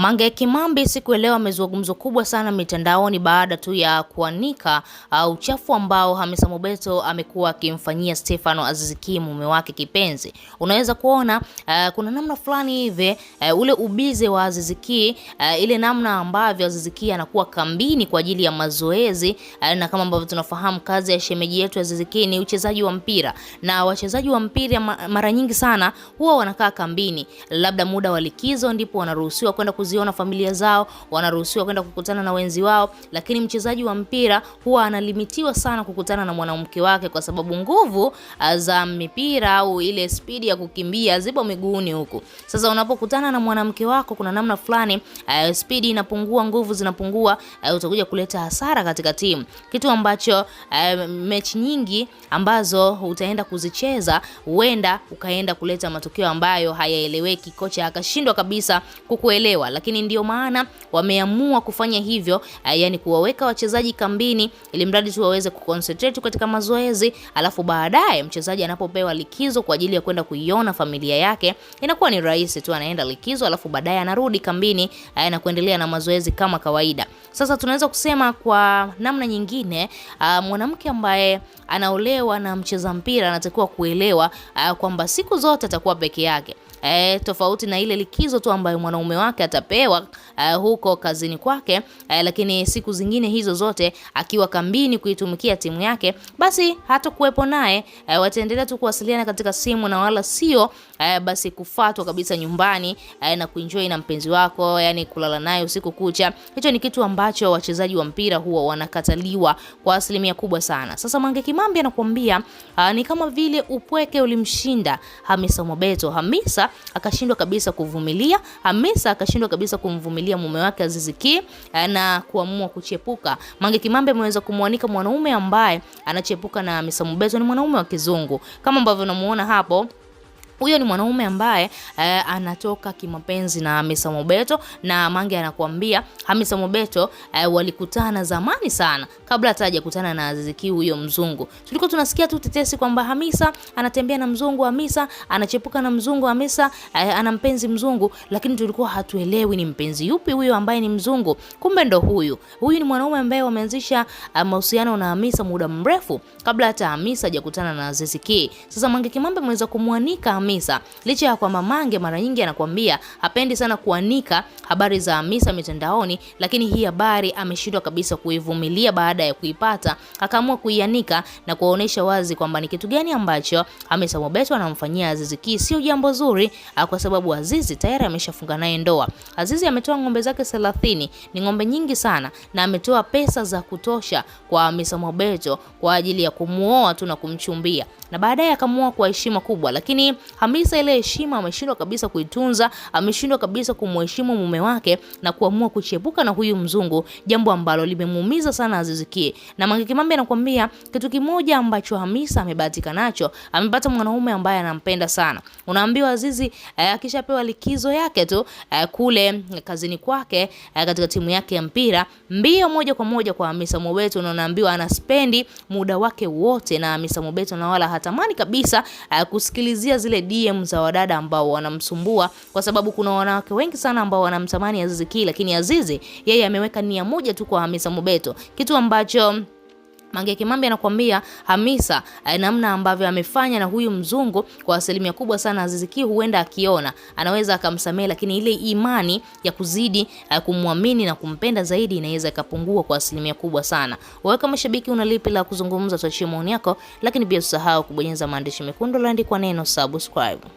Mange Kimambi siku ya leo amezua gumzo kubwa sana mitandaoni baada tu ya kuanika uh, uchafu ambao Hamisa Mobeto amekuwa akimfanyia Stefano Aziziki mume wake kipenzi. Unaweza kuona uh, kuna namna fulani hivi uh, ule ubize wa Aziziki uh, ile namna ambavyo Aziziki anakuwa kambini kwa ajili ya mazoezi uh, na kama ambavyo tunafahamu kazi ya shemeji yetu Aziziki ni uchezaji wa mpira na wachezaji wa mpira mara nyingi sana huwa wanakaa kambini, labda muda wa likizo ndipo wanaruhusiwa kwenda kuziona familia zao, wanaruhusiwa kwenda kukutana na wenzi wao, lakini mchezaji wa mpira huwa analimitiwa sana kukutana na mwanamke wake kwa sababu nguvu ah, za mipira au ile speed ya kukimbia zipo miguuni huku. Sasa unapokutana na mwanamke wako, kuna namna fulani uh, speed inapungua, nguvu zinapungua, uh, utakuja kuleta hasara katika timu, kitu ambacho uh, mechi nyingi ambazo utaenda kuzicheza huenda ukaenda kuleta matokeo ambayo hayaeleweki, kocha akashindwa kabisa kukuelewa lakini ndio maana wameamua kufanya hivyo, eh, yani kuwaweka wachezaji kambini ili mradi tu waweze kuconcentrate katika mazoezi, alafu baadaye mchezaji anapopewa likizo kwa ajili ya kwenda kuiona familia yake inakuwa ni rahisi tu, anaenda likizo alafu baadaye anarudi kambini eh, na kuendelea na mazoezi kama kawaida. Sasa tunaweza kusema kwa namna nyingine, uh, mwanamke ambaye anaolewa na mcheza mpira anatakiwa kuelewa uh, kwamba siku zote atakuwa peke yake eh, tofauti na ile likizo tu ambayo mwanaume wake atapewa eh, huko kazini kwake eh, lakini siku zingine hizo zote akiwa kambini kuitumikia timu yake, basi hatakuwepo naye eh, wataendelea tu kuwasiliana katika simu na wala sio eh, basi kufatwa kabisa nyumbani eh, na kuenjoy na mpenzi wako, yani kulala naye usiku kucha, hicho ni kitu ambacho wachezaji wa mpira huwa wanakataliwa kwa asilimia kubwa sana. Sasa Mange Kimambi anakuambia uh, ni kama vile upweke ulimshinda Hamisa Mobeto. Hamisa akashindwa kabisa kuvumilia, Hamisa akashindwa kabisa kumvumilia mume wake Azizi Ki eh, na kuamua kuchepuka. Mange Kimambi ameweza kumwanika mwanaume ambaye anachepuka na Hamisa Mobeto, ni mwanaume wa kizungu kama ambavyo unamuona hapo huyo ni mwanaume ambaye eh, anatoka kimapenzi na Hamisa Mobeto na Mange anakuambia Hamisa Mobeto eh, walikutana zamani sana kabla hata hajakutana na Aziz Ki huyo mzungu. Tulikuwa tunasikia tu tetesi kwamba Hamisa anatembea na mzungu, Hamisa anachepuka na mzungu, Hamisa eh, ana mpenzi mzungu, lakini tulikuwa hatuelewi ni mpenzi yupi huyo ambaye ni mzungu. Kumbe ndo huyu. Huyu ni mwanaume ambaye wameanzisha eh, mahusiano na Hamisa muda mrefu kabla hata Hamisa hajakutana na Aziz Ki. Sasa Mange Kimambe ameweza kumwanika Hamisa. Licha ya kwamba Mange mara nyingi anakuambia hapendi sana kuanika habari za Hamisa mitandaoni, lakini hii habari ameshindwa kabisa kuivumilia. Baada ya kuipata, akaamua kuianika na kuwaonesha wazi kwamba ni kitu gani ambacho Hamisa Mobeto anamfanyia Azizi Ki. Sio jambo zuri, ah, kwa sababu Azizi tayari ameshafunga naye ndoa. Azizi ametoa ng'ombe zake 30, ni ng'ombe nyingi sana, na ametoa pesa za kutosha kwa Hamisa Mobeto kwa ajili ya kumuoa tu na kumchumbia, na baadaye akamuoa kwa heshima kubwa, lakini Hamisa ile heshima ameshindwa kabisa kuitunza, ameshindwa kabisa kumheshimu mume wake na kuamua kuchepuka na huyu mzungu, jambo ambalo limemuumiza sana Azizi Ki. Na Mange Kimambi anakuambia kitu kimoja ambacho Hamisa amebahatika nacho, amepata mwanaume ambaye anampenda sana. Unaambiwa Azizi eh, akishapewa likizo yake tu eh, kule eh, kazini kwake eh, katika timu yake ya mpira, mbio moja kwa moja kwa Hamisa Mobeto, na unaambiwa anaspendi muda wake wote na Hamisa Mobeto na wala hatamani kabisa eh, kusikilizia zile DM za wadada ambao wanamsumbua, kwa sababu kuna wanawake wengi sana ambao wanamtamani Azizi Ki, lakini Azizi yeye ameweka nia moja tu kwa Hamisa Mobeto, kitu ambacho Mange Kimambi anakuambia Hamisa eh, namna ambavyo amefanya na huyu mzungu kwa asilimia kubwa sana, aziziki huenda akiona anaweza akamsamehe, lakini ile imani ya kuzidi eh, kumwamini na kumpenda zaidi inaweza ikapungua kwa asilimia kubwa sana. Wewe kama shabiki una lipi la kuzungumza? Tuachie maoni yako, lakini pia usahau kubonyeza maandishi mekundu laandikwa neno subscribe.